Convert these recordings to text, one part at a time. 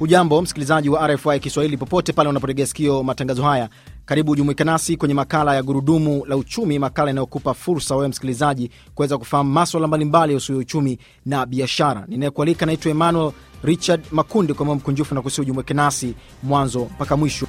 Hujambo msikilizaji wa RFI Kiswahili popote pale unapotegea sikio matangazo haya, karibu ujumuike nasi kwenye makala ya Gurudumu la Uchumi, makala inayokupa fursa wewe msikilizaji kuweza kufahamu maswala mbalimbali yahusuyo uchumi na biashara. Ninayekualika naitwa Emmanuel Richard Makundi, kwa mao mkunjufu na kusi ujumuike nasi mwanzo mpaka mwisho.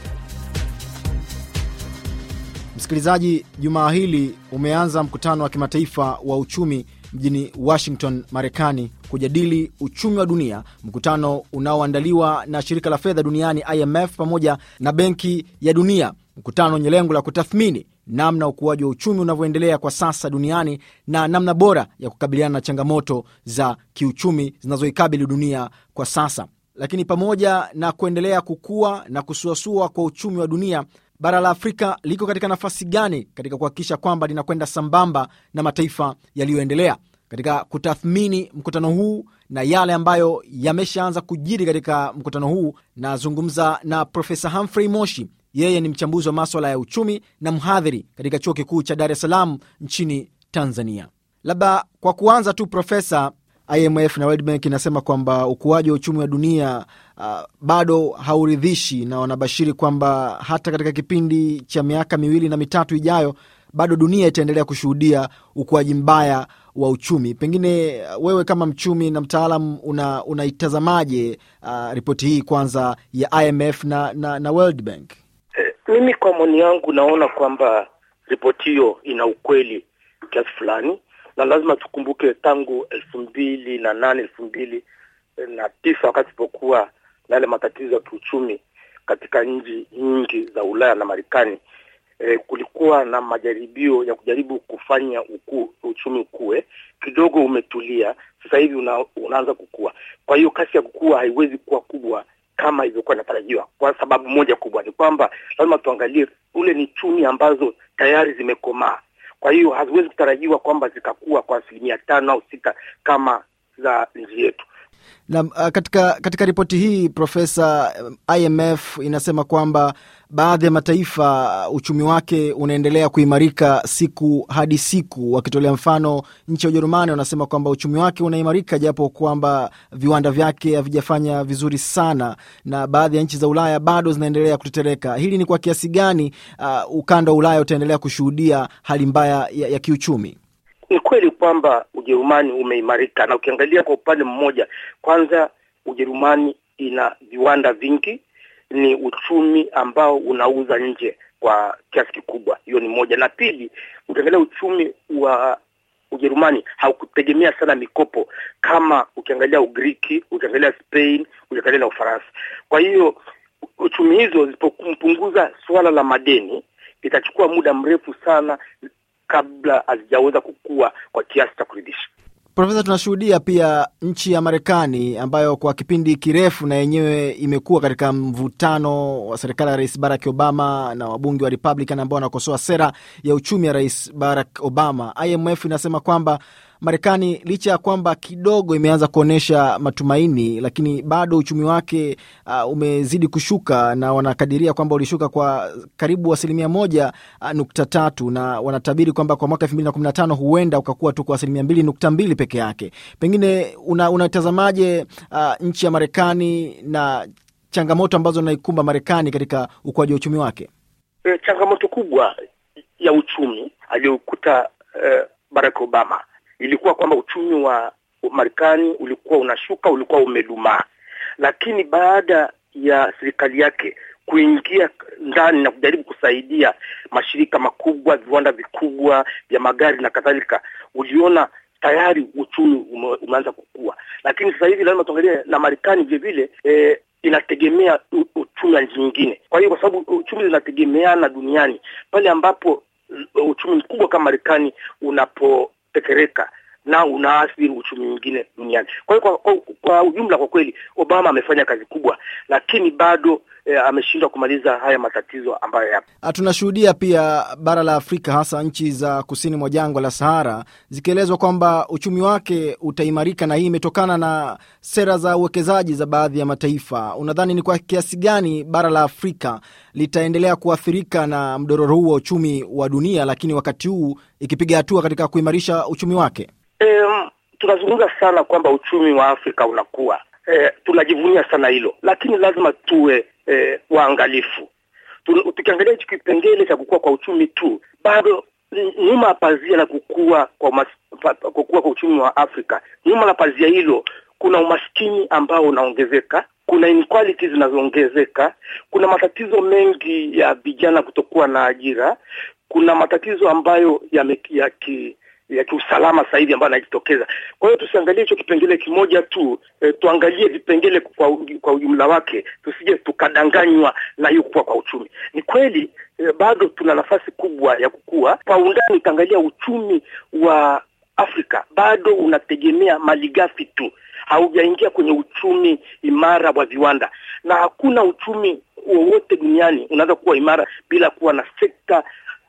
Msikilizaji, jumaa hili umeanza mkutano wa kimataifa wa uchumi mjini Washington, Marekani, kujadili uchumi wa dunia, mkutano unaoandaliwa na shirika la fedha duniani IMF pamoja na Benki ya Dunia, mkutano wenye lengo la kutathmini namna ukuaji wa uchumi unavyoendelea kwa sasa duniani na namna bora ya kukabiliana na changamoto za kiuchumi zinazoikabili dunia kwa sasa. Lakini pamoja na kuendelea kukua na kusuasua kwa uchumi wa dunia, bara la Afrika liko katika nafasi gani katika kuhakikisha kwamba linakwenda sambamba na mataifa yaliyoendelea katika kutathmini mkutano huu na yale ambayo yameshaanza kujiri katika mkutano huu. Nazungumza na, na Profesa Humphrey Moshi, yeye ni mchambuzi wa maswala ya uchumi na mhadhiri katika chuo kikuu cha Dar es Salaam nchini Tanzania. Labda kwa kuanza tu, Profesa, IMF na World Bank inasema kwamba ukuaji wa uchumi wa dunia uh, bado hauridhishi, na wanabashiri kwamba hata katika kipindi cha miaka miwili na mitatu ijayo bado dunia itaendelea kushuhudia ukuaji mbaya wa uchumi. Pengine ah, wewe kama mchumi na mtaalam unaitazamaje una uh, ripoti hii kwanza ya IMF na, na, na World Bank? Eh, mimi kwa maoni yangu naona kwamba ripoti hiyo ina ukweli kiasi fulani, na lazima tukumbuke tangu elfu mbili na nane elfu mbili na tisa wakati ilipokuwa na yale matatizo ya kiuchumi katika nchi nyingi za Ulaya na Marekani. E, kulikuwa na majaribio ya kujaribu kufanya uku, uchumi ukue kidogo, umetulia sasa hivi una, unaanza kukua. Kwa hiyo kasi ya kukua haiwezi kuwa kubwa kama ilivyokuwa inatarajiwa, kwa sababu moja kubwa ni kwamba lazima tuangalie ule ni chumi ambazo tayari zimekomaa. Kwa hiyo haziwezi kutarajiwa kwamba zikakua kwa asilimia tano au sita kama za nchi yetu. Na ah, katika, katika ripoti hii Profesa, eh, IMF inasema kwamba baadhi ya mataifa ah, uchumi wake unaendelea kuimarika siku hadi siku. Wakitolea mfano nchi ya Ujerumani, wanasema kwamba uchumi wake unaimarika japo kwamba viwanda vyake havijafanya vizuri sana, na baadhi ya nchi za Ulaya bado zinaendelea kutetereka. Hili ni kwa kiasi gani uh, ukanda wa Ulaya utaendelea kushuhudia hali mbaya ya, ya kiuchumi? Ni kweli kwamba Ujerumani umeimarika, na ukiangalia kwa upande mmoja, kwanza Ujerumani ina viwanda vingi, ni uchumi ambao unauza nje kwa kiasi kikubwa. Hiyo ni moja, na pili, ukiangalia uchumi wa Ujerumani haukutegemea sana mikopo kama ukiangalia ugriki ukiangalia Spain, ukiangalia na Ufaransa. Kwa hiyo uchumi hizo zilipompunguza suala la madeni, itachukua muda mrefu sana kabla hazijaweza kukua kwa kiasi cha kuridhisha. Profesa, tunashuhudia pia nchi ya Marekani ambayo kwa kipindi kirefu na yenyewe imekuwa katika mvutano wa serikali ya Rais Barack Obama na wabunge wa Republican ambao wanakosoa sera ya uchumi ya Rais Barack Obama. IMF inasema kwamba Marekani licha ya kwamba kidogo imeanza kuonyesha matumaini, lakini bado uchumi wake uh, umezidi kushuka na wanakadiria kwamba ulishuka kwa karibu asilimia moja uh, nukta tatu na wanatabiri kwamba kwa mwaka elfu mbili na kumi na tano huenda ukakuwa tu kwa asilimia mbili nukta mbili peke yake. Pengine unatazamaje una uh, nchi ya Marekani na changamoto ambazo naikumba Marekani katika ukuaji wa uchumi wake? E, changamoto kubwa ya uchumi aliyokuta uh, Barack Obama ilikuwa kwamba uchumi wa Marekani ulikuwa unashuka, ulikuwa umedumaa, lakini baada ya serikali yake kuingia ndani na kujaribu kusaidia mashirika makubwa, viwanda vikubwa vya magari na kadhalika, uliona tayari uchumi ume, umeanza kukua. Lakini sasa hivi lazima tuangalie na Marekani vile vile eh, inategemea uchumi wa nchi nyingine. Kwa hiyo kwa sababu uchumi zinategemeana duniani, pale ambapo uchumi mkubwa kama Marekani unapo tekereka na unaathiri uchumi mwingine duniani. Kwa hiyo kwa, kwa, kwa ujumla kwa kweli Obama amefanya kazi kubwa, lakini bado e, ameshindwa kumaliza haya matatizo ambayo yapo. Ah, tunashuhudia pia bara la Afrika, hasa nchi za kusini mwa jangwa la Sahara zikielezwa kwamba uchumi wake utaimarika, na hii imetokana na sera za uwekezaji za baadhi ya mataifa. Unadhani ni kwa kiasi gani bara la Afrika litaendelea kuathirika na mdororo huu wa uchumi wa dunia, lakini wakati huu ikipiga hatua katika kuimarisha uchumi wake? E, tunazungumza sana kwamba uchumi wa Afrika unakuwa eh, tunajivunia sana hilo, lakini lazima tuwe eh, waangalifu. Tukiangalia hichi kipengele cha kukua kwa uchumi tu, bado nyuma ya pazia la kukua kwa mas, pa, kukua kwa uchumi wa Afrika, nyuma la pazia hilo kuna umaskini ambao unaongezeka, kuna inequality zinazoongezeka, kuna matatizo mengi ya vijana kutokuwa na ajira, kuna matatizo ambayo ya, ya ki, ya kiusalama sasa hivi ambayo anajitokeza. Kwa hiyo tusiangalie hicho kipengele kimoja tu e, tuangalie vipengele kwa, kwa ujumla wake, tusije tukadanganywa na hiyo kukua kwa uchumi. Ni kweli e, bado tuna nafasi kubwa ya kukua. Kwa undani itaangalia uchumi wa Afrika bado unategemea malighafi tu, haujaingia kwenye uchumi imara wa viwanda, na hakuna uchumi wowote duniani unaweza kuwa imara bila kuwa na sekta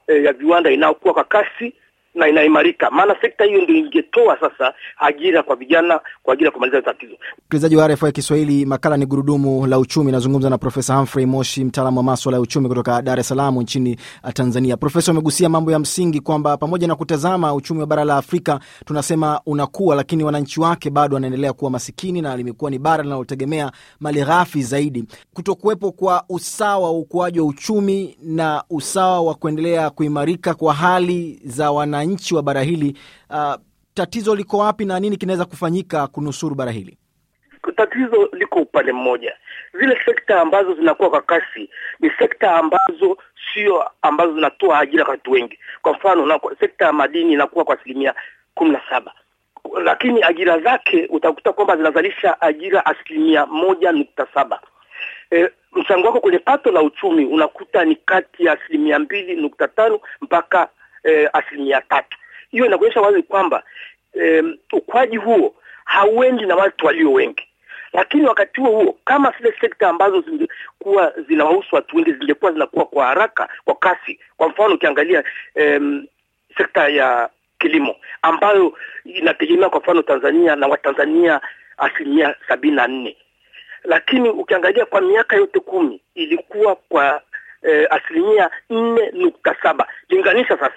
e, ya viwanda inayokuwa kwa kasi na inaimarika, maana sekta hiyo ndio ingetoa sasa ajira kwa vijana kwa ajili ya kumaliza tatizo. Msikilizaji wa RFI Kiswahili, makala ni gurudumu la uchumi. Nazungumza na Profesa Humphrey Moshi, mtaalamu wa maswala ya uchumi kutoka Dar es Salaam nchini uh, Tanzania. Profesa, umegusia mambo ya msingi kwamba pamoja na kutazama uchumi wa bara la Afrika tunasema unakuwa, lakini wananchi wake bado wanaendelea kuwa masikini na limekuwa ni bara linalotegemea mali ghafi zaidi. Kutokuwepo kwa usawa wa ukuaji wa uchumi na usawa wa kuendelea kuimarika kwa hali za wananchi wananchi wa bara hili uh, tatizo liko wapi na nini kinaweza kufanyika kunusuru bara hili? Tatizo liko upande mmoja, zile sekta ambazo zinakuwa kwa kasi ni sekta ambazo sio ambazo zinatoa ajira kwa watu wengi. Kwa mfano na, sekta ya madini inakuwa kwa asilimia kumi na saba lakini ajira zake utakuta kwamba zinazalisha ajira asilimia moja nukta saba. E, mchango wako kwenye pato la uchumi unakuta ni kati ya asilimia mbili nukta tano mpaka eh, asilimia tatu. Hiyo inakuonyesha wazi kwamba eh, ukwaji huo hauendi na watu walio wengi lakini wakati huo huo kama zile sekta ambazo zingekuwa zinawahusu watu wengi zingekuwa zinakuwa kwa haraka kwa kasi. Kwa mfano ukiangalia um, sekta ya kilimo ambayo inategemea kwa mfano Tanzania na Watanzania asilimia sabini na nne, lakini ukiangalia kwa miaka yote kumi ilikuwa kwa eh, asilimia nne nukta saba. Linganisha sasa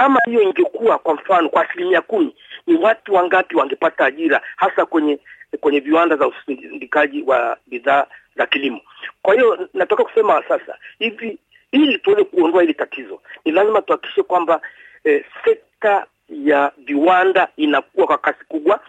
kama hiyo ingekuwa kwa mfano kwa asilimia kumi, ni watu wangapi wangepata ajira hasa kwenye kwenye viwanda za usindikaji wa bidhaa za kilimo? Kwa hiyo nataka kusema sasa hivi, ili tuweze kuondoa hili tatizo, ni lazima tuhakikishe kwamba eh, sekta ya viwanda inakuwa kwa kasi kubwa,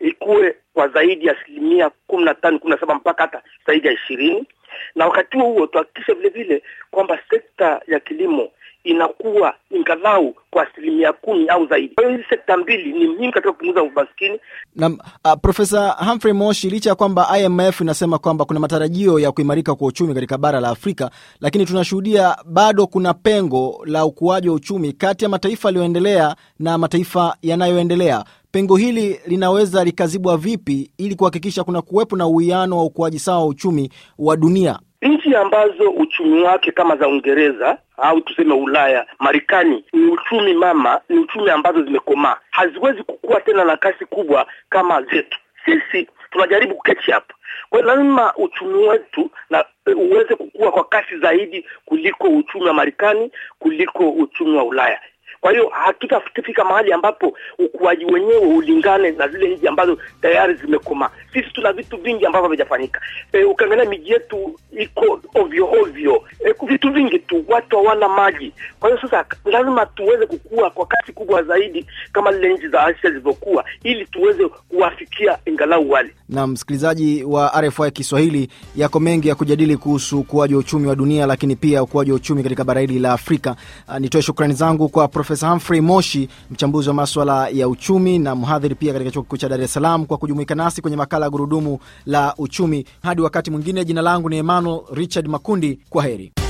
ikuwe kwa zaidi ya asilimia kumi na tano kumi na saba mpaka hata zaidi ya ishirini na wakati huo huo tuhakikishe vile vile kwamba sekta ya kilimo inakuwa ingalau kwa asilimia kumi au zaidi. Kwa hiyo hizi sekta mbili ni muhimu katika kupunguza umaskini. Na uh, ah, Profesa Humphrey Moshi, licha ya kwamba IMF inasema kwamba kuna matarajio ya kuimarika kwa uchumi katika bara la Afrika, lakini tunashuhudia bado kuna pengo la ukuaji wa uchumi kati ya mataifa yaliyoendelea na mataifa yanayoendelea. Pengo hili linaweza likazibwa vipi ili kuhakikisha kuna kuwepo na uwiano wa ukuaji sawa wa uchumi wa dunia? nchi ambazo uchumi wake kama za Uingereza au tuseme Ulaya, Marekani ni uchumi mama, ni uchumi ambazo zimekomaa, haziwezi kukua tena na kasi kubwa kama zetu. Sisi tunajaribu catch up. Kwa hiyo lazima uchumi wetu na eh, uweze kukua kwa kasi zaidi kuliko uchumi wa Marekani, kuliko uchumi wa Ulaya. Kwa hiyo hatutafika mahali ambapo ukuaji wenyewe ulingane na zile nchi ambazo tayari zimekoma Sisi tuna vitu vingi ambavyo havijafanyika. E, ukiangalia miji yetu iko ovyo ovyo, e, vitu vingi tu, watu hawana maji. Kwa hiyo sasa lazima tuweze kukua kwa kasi kubwa zaidi kama lile nchi za Asia zilivyokuwa, ili tuweze kuwafikia ingalau wale. Na msikilizaji wa RFI Kiswahili, yako mengi ya kujadili kuhusu ukuaji wa uchumi wa dunia, lakini pia ukuaji wa uchumi katika bara hili la Afrika. Nitoe shukrani zangu kwa profesa Profesa Humphrey Moshi, mchambuzi wa maswala ya uchumi na mhadhiri pia katika chuo kikuu cha Dar es Salaam, kwa kujumuika nasi kwenye makala ya Gurudumu la Uchumi. Hadi wakati mwingine, jina langu ni Emmanuel Richard Makundi. Kwa heri.